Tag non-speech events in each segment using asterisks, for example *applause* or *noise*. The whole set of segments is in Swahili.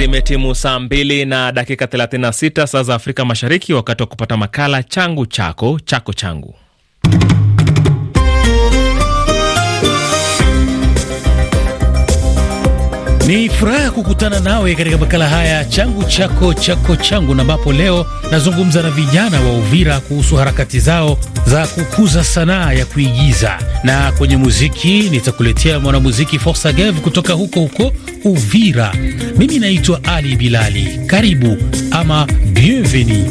Zimetimu saa mbili na dakika 36 saa za Afrika Mashariki, wakati wa kupata makala changu chako chako changu. Ni furaha kukutana nawe katika makala haya changu chako chako changu, na ambapo leo nazungumza na vijana wa Uvira kuhusu harakati zao za kukuza sanaa ya kuigiza, na kwenye muziki nitakuletea mwanamuziki Forsa Geve kutoka huko huko Uvira. Mimi naitwa Ali Bilali, karibu ama bienvenue.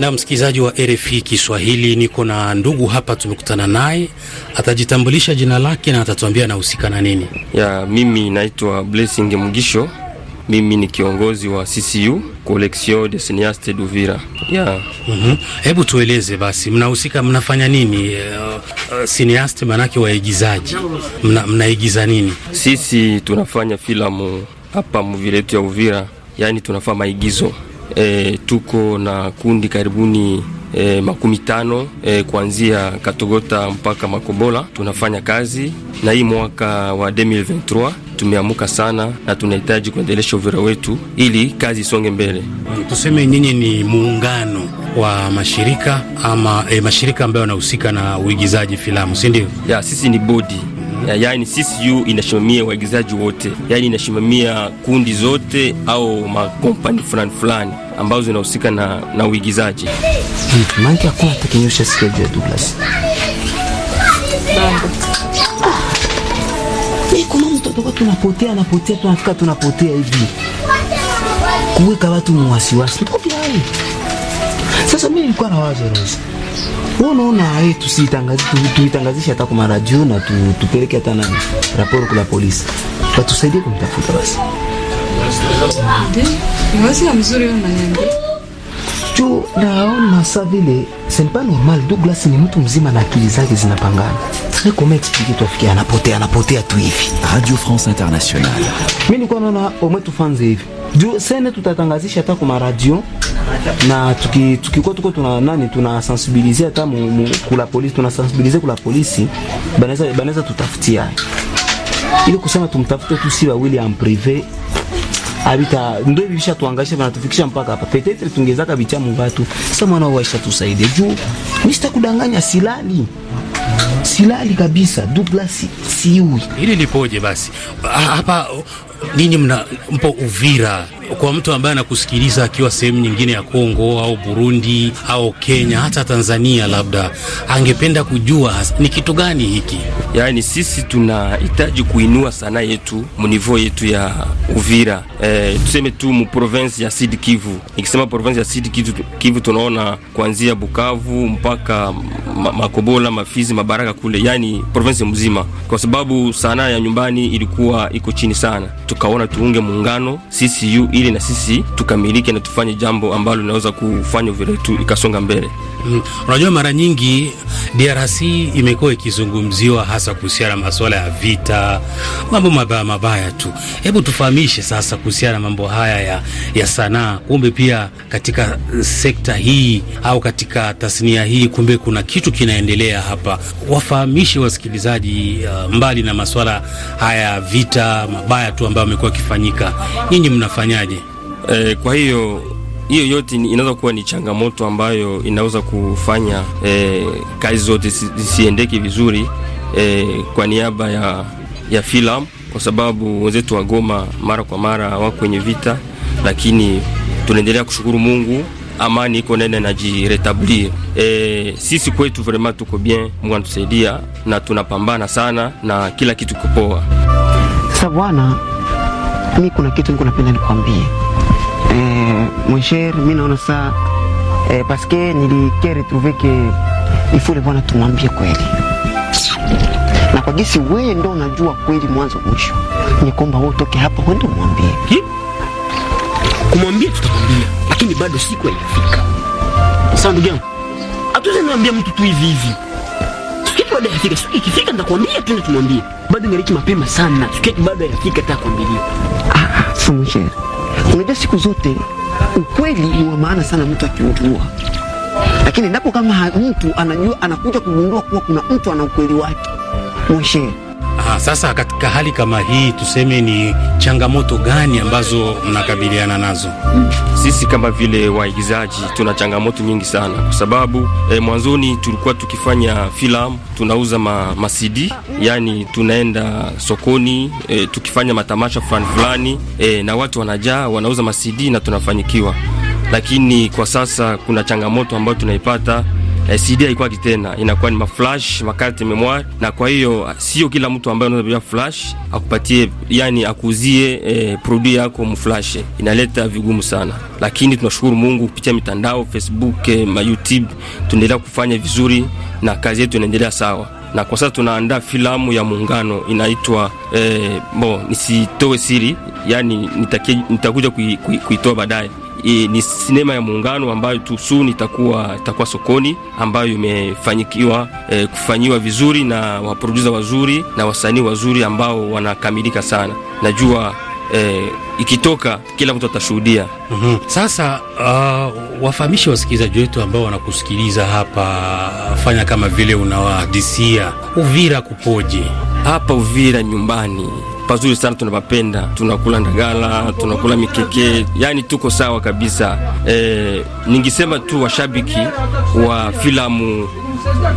Na msikilizaji wa RFI Kiswahili, niko na ndugu hapa, tumekutana naye, atajitambulisha jina lake na atatuambia anahusika na nini. Ya, mimi naitwa Blessing Mugisho, mimi ni kiongozi wa CCU Collection de Cineastes d'Uvira. Yeah. Mm -hmm. Hebu tueleze basi, mnahusika mnafanya nini? Uh, eh, eh, cineaste manake waigizaji, mna, mnaigiza nini? Sisi tunafanya filamu hapa mviletu ya Uvira, yaani tunafanya maigizo e, tuko na kundi karibuni E, makumi tano e, kuanzia Katogota mpaka Makobola tunafanya kazi na hii mwaka wa 2023 tumeamuka sana na tunahitaji kuendelesha uvira wetu ili kazi isonge mbele. Tuseme nyinyi ni muungano wa mashirika ama e, mashirika ambayo yanahusika na uigizaji filamu, si ndio? Ya, sisi ni bodi yani CCU inashimamia waigizaji wote, yani inashimamia kundi zote au makompani fulani fulani ambazo zinahusika na, na uigizaji. Kuna tunapotea tunafika tunapotea hivi kuweka watu muwasiwasi. Sasa mimi nilikuwa na wazo rahisi wewe unaona eh, tusitangaze tuitangazishe hata kwa maradio na tu, tupeleke hata na raporo kwa polisi. Watusaidie kumtafuta basi. Ndio. Ni wazi mzuri unaniambia jo naona sa vile senpa normal. Douglas ni mtu mzima na akili zake zinapangana. Sasa kama expliquer tu afikia anapotea anapotea tu hivi. Radio France Internationale. Mimi niko naona omwe tufanze hivi. Jo sene tutatangazisha hata kwa radio na tuki tukikuwa tuko tuna nani tuna sensibiliser hata kula polisi tuna sensibiliser kula polisi banaweza banaweza tutafutia ili kusema tumtafute tu si wawili en privé abita ndio hivi visha banatufikisha mpaka hapa, petetre tungezaka bicha mubatu. Sasa mwana waisha tusaidie juu, mimi sitakudanganya, silali silali kabisa, dupla si, siui. ili lipoje basi hapa? Ninyi mna mpo Uvira kwa mtu ambaye anakusikiliza akiwa sehemu nyingine ya Kongo au Burundi au Kenya hata Tanzania, labda angependa kujua ni kitu gani hiki? Yaani sisi tunahitaji kuinua sanaa yetu mnivo yetu ya Uvira, e, tuseme tu mu province ya Sud Kivu. Nikisema province ya Sud Kivu, Kivu tunaona kuanzia Bukavu mpaka ma, Makobola, Mafizi, Mabaraka kule, yani province mzima, kwa sababu sanaa ya nyumbani ilikuwa iko chini sana. Tukaona tuunge muungano sisi yu, e ili na sisi tukamilike na tufanye jambo ambalo linaweza kufanya Uvira yetu ikasonga mbele. Mm. Unajua, mara nyingi DRC imekuwa ikizungumziwa hasa kuhusiana na masuala ya vita, mambo mabaya mabaya tu. Hebu tufahamishe sasa kuhusiana na mambo haya ya, ya sanaa. Kumbe pia katika sekta hii au katika tasnia hii, kumbe kuna kitu kinaendelea hapa. Wafahamishe wasikilizaji, uh, mbali na masuala haya ya vita mabaya tu ambayo amekuwa akifanyika, nyinyi mnafanyaje? Eh, kwa hiyo hiyo yote inaweza kuwa ni changamoto ambayo inaweza kufanya e, kazi zote zisiendeke vizuri e, kwa niaba ya, ya filamu, kwa sababu wenzetu wa Goma mara kwa mara wako kwenye vita, lakini tunaendelea kushukuru Mungu amani iko nene najiretablir. E, eh, sisi kwetu vraiment tuko bien, Mungu anatusaidia na tunapambana sana na kila kitu kupoa. Sasa bwana, mimi kuna kitu niko napenda nikwambie Eh, mon cher, mimi naona saa eh, parce que nilike ifule bwana, tumwambie kweli na kwa gisi wewe ndo unajua kweli mwanzo mwisho, ni kwamba utoke hapa uende umwambie. Kumwambia tutamwambia, lakini bado siku haijafika. Sasa ndugu yangu, hatuwezi niambia mtu tu hivi hivi. Siku bado haijafika, ikifika nitakwambia, twende tumwambie. Bado ngariki mapema sana, siku bado haijafika, takwambilia. Ah, ah sumushere Unajua, siku zote ukweli ni wa maana sana mtu akiujua, lakini endapo kama mtu anajua anakuja kugundua kuwa kuna mtu ana ukweli wake mwishee Aa, ah, sasa katika hali kama hii tuseme ni changamoto gani ambazo mnakabiliana nazo? Sisi kama vile waigizaji tuna changamoto nyingi sana kwa sababu eh, mwanzoni tulikuwa tukifanya filamu tunauza ma, ma CD, yani tunaenda sokoni eh, tukifanya matamasha fulani fulani eh, na watu wanajaa wanauza ma CD na tunafanikiwa, lakini kwa sasa kuna changamoto ambayo tunaipata Eh, CD haikuwa kitena, inakuwa ni maflash makarte memoire, na kwa hiyo ah, sio kila mtu ambaye anaweza kupiga flash akupatie, yani akuuzie eh, produit yako mflash, inaleta vigumu sana, lakini tunashukuru Mungu kupitia mitandao Facebook, eh, ma YouTube tunaendelea kufanya vizuri na kazi yetu inaendelea sawa na kwa sasa tunaandaa filamu ya muungano inaitwa eh, bo nisitoe siri, yani nitakuja kuitoa kui, kui baadaye e, ni sinema ya muungano ambayo tu soon itakuwa itakuwa sokoni ambayo imefanyikiwa e, kufanyiwa vizuri na waprodusa wazuri na wasanii wazuri ambao wanakamilika sana. Najua e, ikitoka kila mtu atashuhudia. mm -hmm. Sasa uh, ah, wafahamishe wasikilizaji wetu ambao wanakusikiliza hapa, fanya kama vile unawadisia Uvira kupoje? Hapa Uvira nyumbani pazuri sana, tunapapenda, tunakula ndagala, tunakula mikeke, yani tuko sawa kabisa. E, ningisema tu washabiki wa filamu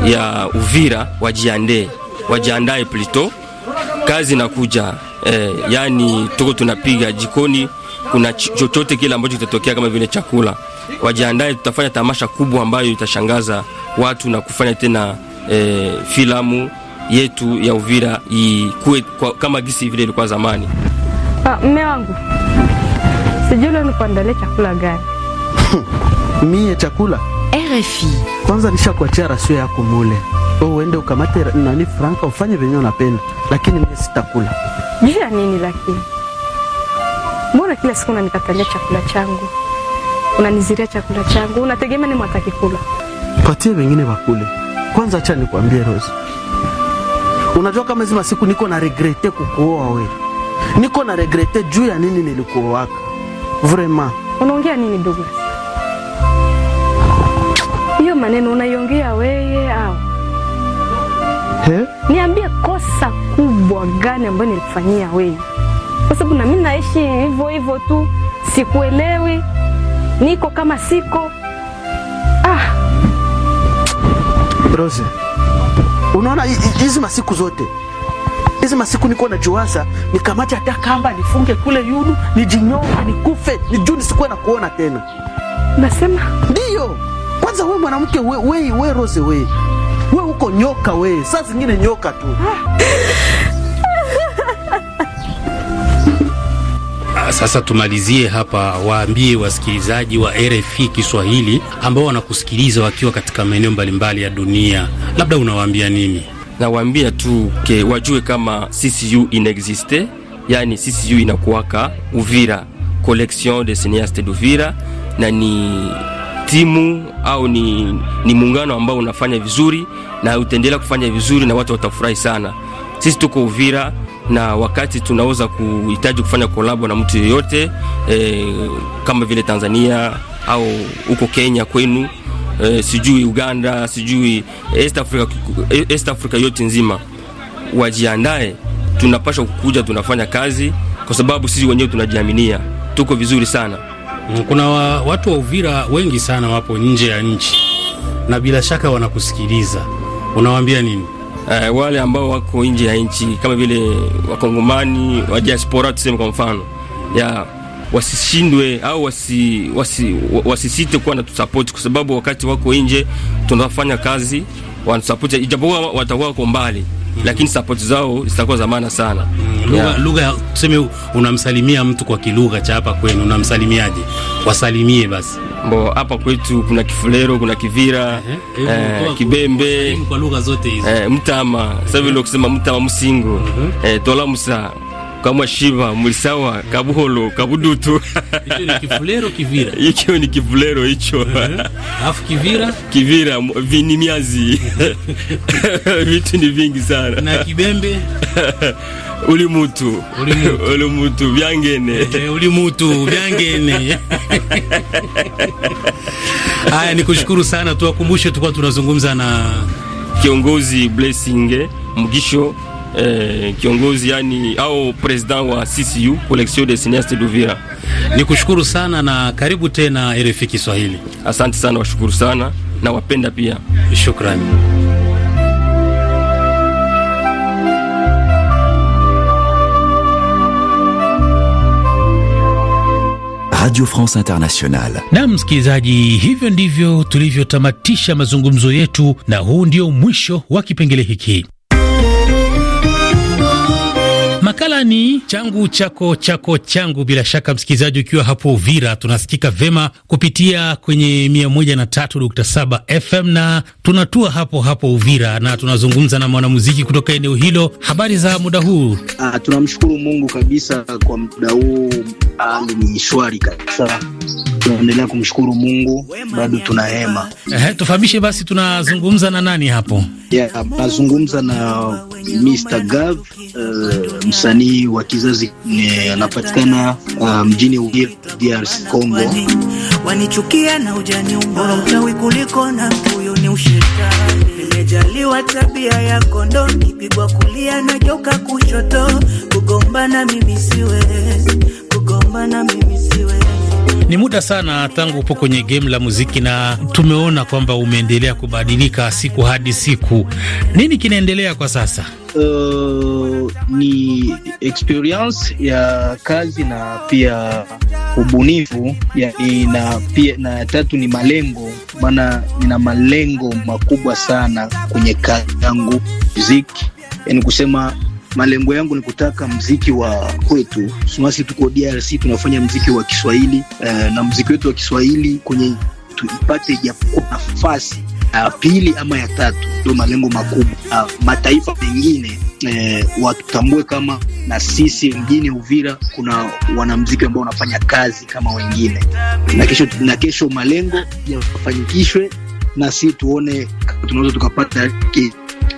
ya Uvira wajiandee, wajiandae plito, kazi inakuja. E, yani tuko tunapiga jikoni, kuna chochote kile ambacho kitatokea kama vile chakula, wajiandae. Tutafanya tamasha kubwa ambayo itashangaza watu na kufanya tena e, filamu yetu ya Uvira ikuwe kama gisi vile ilikuwa zamani. mme wangu sijui leo nikuandalia chakula gani? *laughs* Mie chakula RFI kwanza nisha kuachia rasio yako mule uende ukamate nani franka ufanye venye unapenda, lakini mie sitakula. Juu ya nini? Lakini mbona kila siku unanikatalia chakula changu, unaniziria chakula changu, unategemea ni mwatakikula? Patie wengine wakule kwanza. Acha nikuambie Rose, Unajua kama hizi masiku niko na regrete kukuoa wewe, niko na regrete juu ya nini nilikuoaka. Vraiment unaongea nini Douglas? Hiyo maneno unaiongea wewe au He? Eh? Niambie kosa kubwa gani ambayo nilikufanyia wewe? Kwa sababu na mimi naishi hivyo hivyo tu, sikuelewi, niko kama siko. Ah. Rose. Unaona hizi masiku zote hizi masiku niko na juasa nikamata hata kamba nifunge kule yunu nijinyoke nikufe nijuu nisikuwe na kuona tena. Nasema ndio Kwanza we mwanamke we, we, we Rose we we uko nyoka we, saa zingine nyoka tu ah. Sasa tumalizie hapa, waambie wasikilizaji wa RFI Kiswahili ambao wanakusikiliza wakiwa katika maeneo mbalimbali ya dunia, labda unawaambia nini? Nawaambia tu ke wajue kama CCU inexiste, yani CCU inakuwaka Uvira, collection de cineaste d'Uvira, na ni timu au ni, ni muungano ambao unafanya vizuri na utaendelea kufanya vizuri na watu watafurahi sana. Sisi tuko Uvira na wakati tunaweza kuhitaji kufanya kolabo na mtu yoyote e, kama vile Tanzania au huko Kenya kwenu e, sijui Uganda sijui East Africa, East Africa yote nzima wajiandae, tunapasha kukuja, tunafanya kazi kwa sababu sisi wenyewe tunajiaminia tuko vizuri sana. Mm, kuna wa, watu wa Uvira wengi sana wapo nje ya nchi na bila shaka wanakusikiliza, unawaambia nini? eh, wale ambao wako nje ya nchi kama vile wakongomani wa diaspora tuseme kwa mfano ya wasishindwe au wasi, wasi, wasisite kuwa tusupport kwa sababu wakati wako nje tunafanya kazi wanasupport, ijapokuwa watakuwa wako mbali lakini sapoti zao zitakuwa za maana sana. Lugha, yeah. Lugha tuseme, unamsalimia mtu kwa kilugha cha hapa kwenu, unamsalimiaje? wasalimie basi. Mbo hapa kwetu kuna Kifulero, kuna Kivira, uh -huh. eh, Kibembe kwa lugha zote hizo eh, Mtama uh -huh. sasa vile ukisema Mtama, Msingo uh mhm. -huh. eh, Tola Musa kama Shiva Mulisawa Kabuholo Kabudutu *laughs* *laughs* hicho ni Kifulero hicho alafu Kivira Kivira miazi *laughs* vitu ni vingi sana na Kibembe uli mutu uli mutu byangene *laughs* uli mutu byangene. *laughs* Eh, *laughs* Haya, kushukuru sana, tuwakumbushe tulikuwa tunazungumza na kiongozi Blessing Mugisho eh, kiongozi yani au president wa CCU Collection de Cineastes d'Uvira. ni kushukuru sana na karibu tena RFI Kiswahili. Asante sana, washukuru sana na wapenda pia. Shukrani. Radio France Internationale. Na msikilizaji, hivyo ndivyo tulivyotamatisha mazungumzo yetu, na huu ndio mwisho wa kipengele hiki. Makala ni changu chako chako changu. Bila shaka, msikilizaji, ukiwa hapo Uvira, tunasikika vema kupitia kwenye 103.7 FM na tunatua hapo hapo Uvira na tunazungumza na mwanamuziki kutoka eneo hilo. Habari za muda huu? Ah, tunamshukuru Mungu kabisa kwa muda huu, hali ah, ni shwari kabisa. Tunaendelea kumshukuru Mungu, bado tunahema. Eh, tufahamishe basi, tunazungumza na nani hapo? Yeah, nazungumza na Mr. Gav, uh, msanii wa kizazi eh, anapatikana ah, mjini Uvira, DRC Congo. Wanichukia na ujani umbora mchawi kuliko na huyo ni ushetani. Nimejaliwa tabia ya kondo, nipigwa kulia na joka kushoto, kugombana mimi siwezi, kugombana mimi siwezi ni muda sana tangu upo kwenye game la muziki na tumeona kwamba umeendelea kubadilika siku hadi siku. Nini kinaendelea kwa sasa? Uh, ni experience ya kazi na pia ubunifu yani, na pia na tatu ni malengo, maana nina malengo makubwa sana kwenye kazi yangu muziki, yani kusema malengo yangu ni kutaka mziki wa kwetu. Sumasi tuko DRC tunafanya mziki wa Kiswahili uh, na mziki wetu wa Kiswahili kwenye tuipate japokuwa nafasi ya pili ama ya tatu, ndio malengo makubwa. Uh, mataifa mengine eh, watutambue kama na sisi mjini Uvira kuna wanamziki ambao wanafanya kazi kama wengine, na kesho, na kesho malengo yafanikishwe na si tuone tunaweza tukapata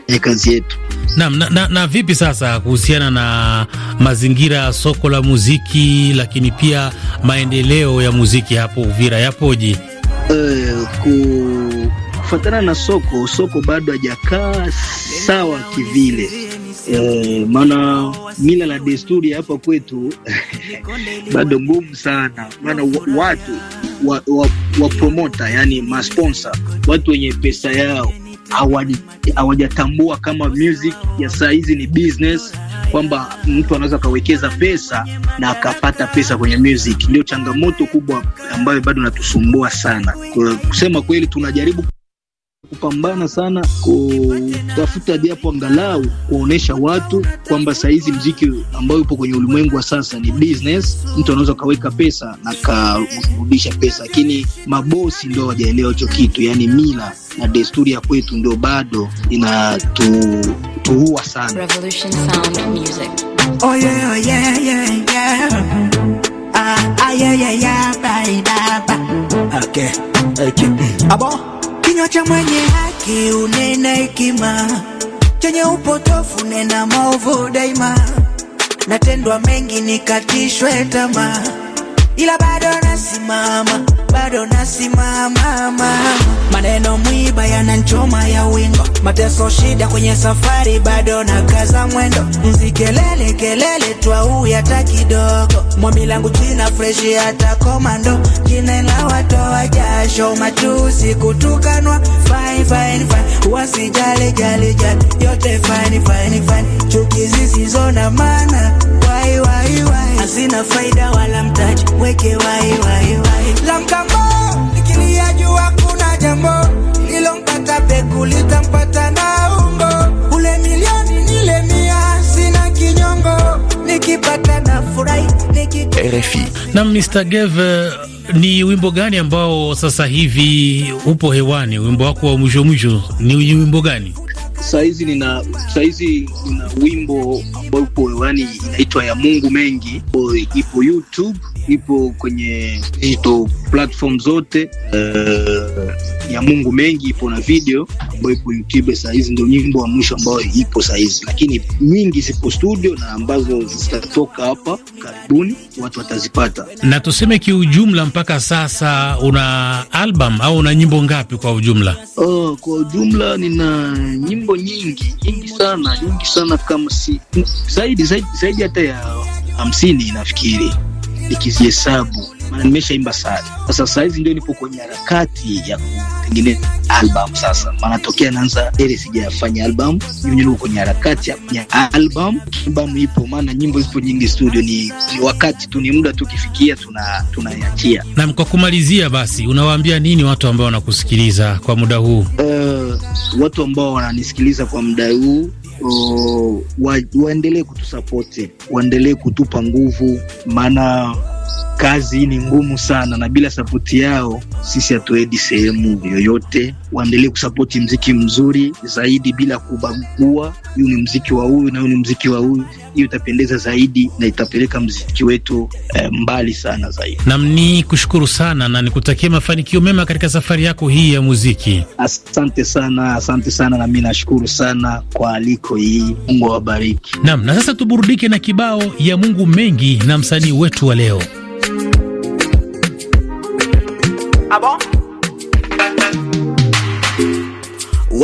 eh, kazi yetu. Na, na, na vipi sasa kuhusiana na mazingira ya soko la muziki, lakini pia maendeleo ya muziki hapo Uvira yapoje? Uh, eh, kufatana na soko, soko bado hajakaa sawa kivile. Uh, maana mila na desturi hapa kwetu *laughs* bado ngumu sana, maana watu wa, wa, wa promota yani masponsa, watu wenye pesa yao hawajatambua kama music ya saa hizi ni business, kwamba mtu anaweza akawekeza pesa na akapata pesa kwenye music. Ndio changamoto kubwa ambayo bado natusumbua sana. Kusema kweli, tunajaribu kupambana sana ku tafuta japo angalau kuonesha watu kwamba saizi mziki ambao upo kwenye ulimwengu wa sasa ni business. Mtu anaweza kaweka pesa na karudisha pesa, lakini mabosi ndio wajaelewa hicho kitu, yani mila na desturi ya kwetu ndio bado inatuua sana. Okay. Okay. Kinywa cha mwenye haki unena hekima, chenye upotofu nena maovu daima. Natendwa mengi nikatishwe tamaa, ila bado nasimama bado nasimama. mama, Maneno mwiba yananchoma ya wingo, mateso shida kwenye safari, bado na kaza mwendo. Mzikelele kelele twau hata kidogo, mwami langu jina freshi hata komando, jina la watoa jasho, matusi kutukanwa, fine fine fine, wasijali jali jali, yote fine fine fine, chuki zisizo na maana, wai wai wai hazina faida wala mtaji, weke wai wai wai la mkambo likilia jua, kuna jambo lilompata peku litampata na umbo, ule milioni nile mia, sina kinyongo, nikipata na furahi RFI na Mr. Gave eh, ni wimbo gani ambao sasa hivi upo hewani? Wimbo wako wa mwisho mwisho ni wimbo gani? sahizi nina sahizi nina wimbo ambao upo yani inaitwa ya Mungu mengi, ipo YouTube, ipo kwenye digital platform zote uh, ya Mungu mengi ipo na video ambayo ipo YouTube saa hizi, ndio nyimbo ya mwisho ambayo ipo saa hizi, lakini nyingi zipo studio na ambazo zitatoka hapa karibuni watu watazipata. Na tuseme kiujumla, mpaka sasa una album au una nyimbo ngapi kwa ujumla? Oh, kwa ujumla nina nyimbo nyingi nyingi sana nyingi sana, kama si zaidi zaidi zaidi hata ya hamsini nafikiri nikizihesabu, maana nimeshaimba sana. Sasa saa hizi ndio nipo kwenye harakati ya kutengeneza album sasa, maana tokea naanza ile sijafanya album, mimi kwenye harakati ya album. Album ipo, maana nyimbo zipo nyingi studio, ni, ni wakati tu, ni muda tu, kifikia tuna tunaiachia. Na kwa kumalizia, basi unawaambia nini watu ambao wanakusikiliza kwa muda huu? Uh, watu ambao wananisikiliza kwa muda huu uh, wa, waendelee kutusapoti, waendelee kutupa nguvu maana kazi hii ni ngumu sana, na bila sapoti yao sisi hatuendi sehemu yoyote. Waendelee kusapoti mziki mzuri zaidi bila kubagua, huyu ni mziki wa huyu na huyu ni mziki wa huyu. Hiyo itapendeza zaidi na itapeleka mziki wetu eh, mbali sana zaidi. Nam ni kushukuru sana na nikutakia mafanikio mema katika safari yako hii ya muziki. Asante sana, asante sana, na mi nashukuru sana kwa aliko hii. Mungu awabariki. Nam na sasa tuburudike na kibao ya Mungu mengi na msanii wetu wa leo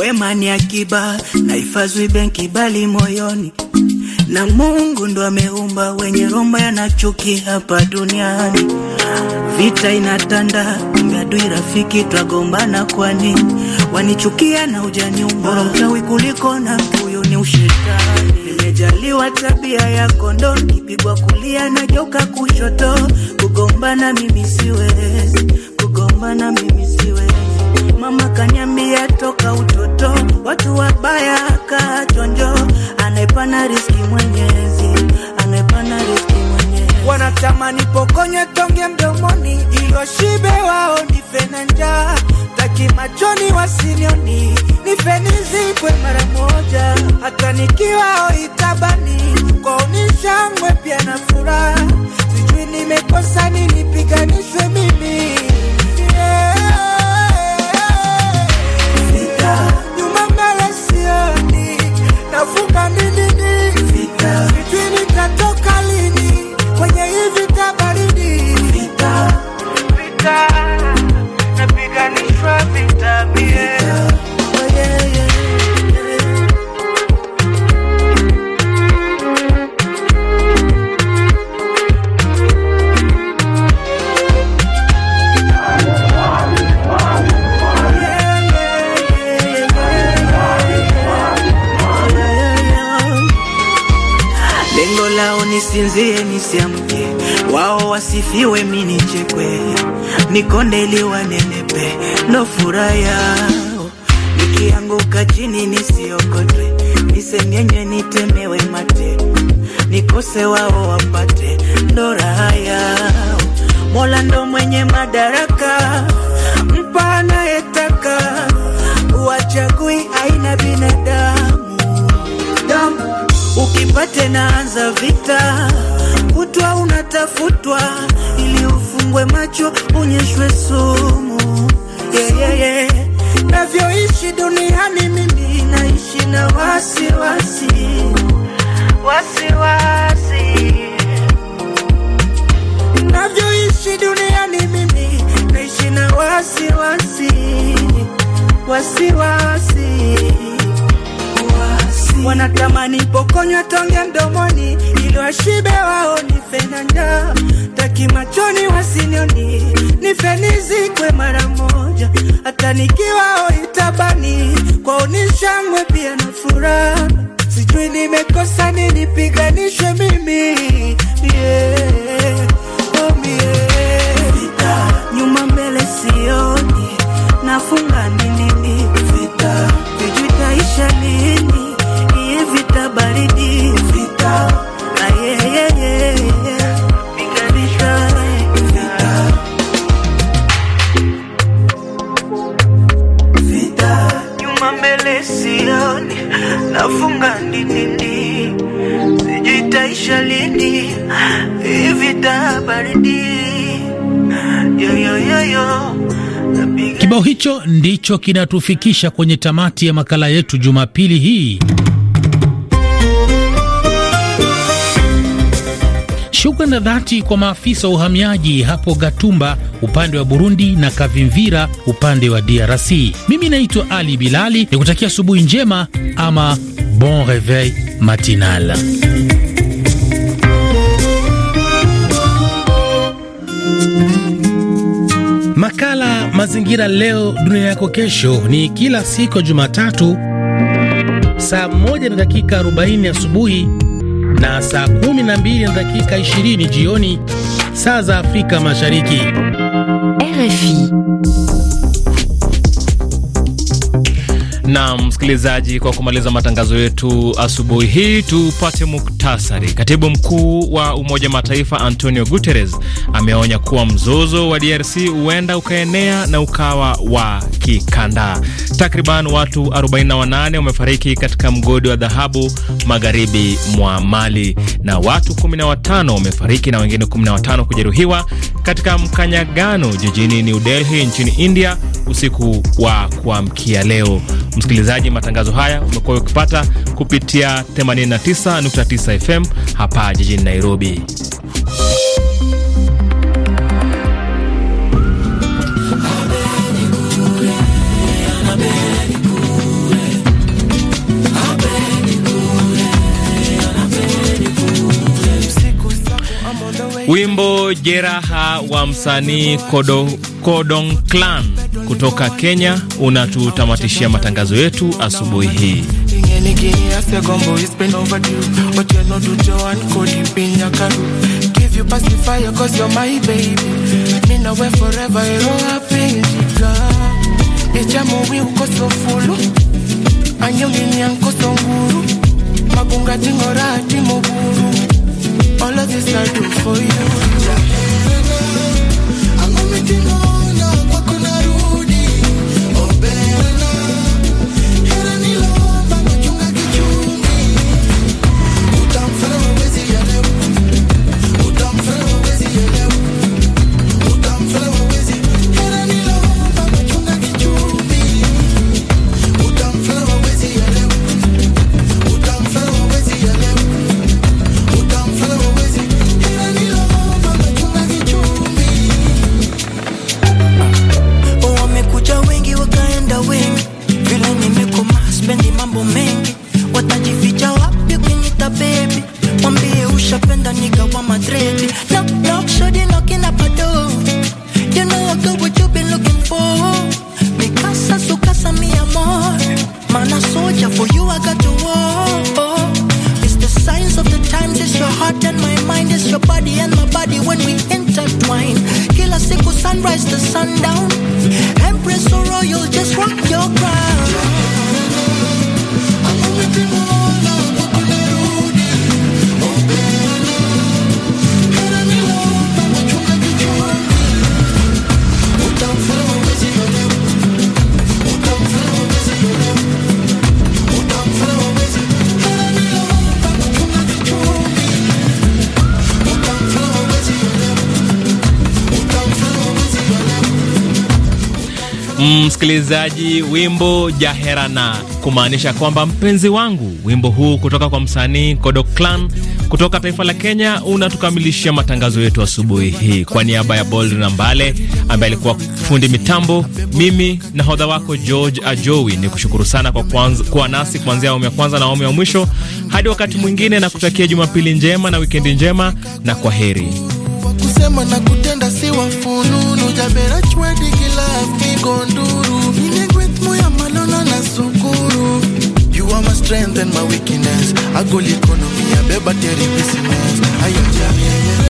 Wema ni akiba na hifadhi benki bali moyoni, na Mungu ndo ameumba wenye roma yana chuki hapa duniani. Vita inatanda adui rafiki, twagombana kwani wanichukia na ujaniumba, bora mchawi kuliko na huyo ni ushetani. Nimejaliwa tabia ya kondo, nipigwa kulia na joka kushoto, kugombana mimi siwezi kugombana mimi Mama kaniambia toka utoto, watu wabaya kaa chonjo, anaepana riski Mwenyezi, anaepana riski Mwenyezi. Wanatamani pokonye tonge mdomoni, ilo shibe wao nifena njaa, taki machoni wasinioni, nife nizikwe mara moja, hata nikiwa itabani kwaonisha mwepya na furaha, sijui nimekosa nini, piganishwe mimi Chafuka nini? Vita. Vitini bonde liwa nenepe lofura yao, nikianguka chini nisiokotwe, nisengenye nitemewe mate, nikose wao wapate ndo raha yao. Mola ndo mwenye madaraka, mpa anayetaka, uwachagui aina binadamu. Ukipate naanza vita macho unyeshwe sumu yeah, yeah, yeah. Navyoishi dunia mimi ninaishi na wasiwasi wasi, wasi. Navyoishi dunia mimi naishi na wasiwasi wasi. wasi. Wanatamani pokonywa tonge mdomoni ili washibe waoni fenanda kufanikiwa Kibao hicho ndicho kinatufikisha kwenye tamati ya makala yetu Jumapili hii. Shukrani na dhati kwa maafisa wa uhamiaji hapo Gatumba upande wa Burundi na Kavimvira upande wa DRC. Mimi naitwa Ali Bilali, nikutakia asubuhi njema ama bon reveil matinal. Makala Mazingira Leo Dunia Yako Kesho ni kila siku ya Jumatatu saa 1 na dakika 40 asubuhi na saa 12 na dakika 20 jioni saa za Afrika Mashariki. RFI. Na msikilizaji, kwa kumaliza matangazo yetu asubuhi hii, tupate muktasari. Katibu mkuu wa Umoja Mataifa Antonio Guterres ameonya kuwa mzozo wa DRC huenda ukaenea na ukawa wa kanda. Takriban watu 48 wamefariki katika mgodi wa dhahabu magharibi mwa Mali na watu 15 wamefariki na wengine 15 kujeruhiwa katika mkanyagano jijini New Delhi nchini India usiku wa kuamkia leo. Msikilizaji, matangazo haya umekuwa ukipata kupitia 89.9 FM hapa jijini Nairobi. Wimbo Jeraha wa msanii Kodo, Kodong Clan kutoka Kenya unatutamatishia matangazo yetu asubuhi hii. this I do for you. Msikilizaji, wimbo Jaherana kumaanisha kwamba mpenzi wangu. Wimbo huu kutoka kwa msanii Kodo Clan kutoka taifa la Kenya unatukamilishia matangazo yetu asubuhi hii. Kwa niaba ya Bold na Mbale ambaye alikuwa fundi mitambo, mimi na hodha wako George Ajowi ni kushukuru sana kwa kwanza, kuwa nasi kuanzia awamu ya kwanza na awamu ya mwisho hadi wakati mwingine, na kutakia Jumapili njema na wikendi njema, na kwa heri kama na kutenda si wafununu jabera chwedi kila afiko nduru ninegwetmo ya malona na sukuru you are my strength and my weakness agolikonomia beba teri business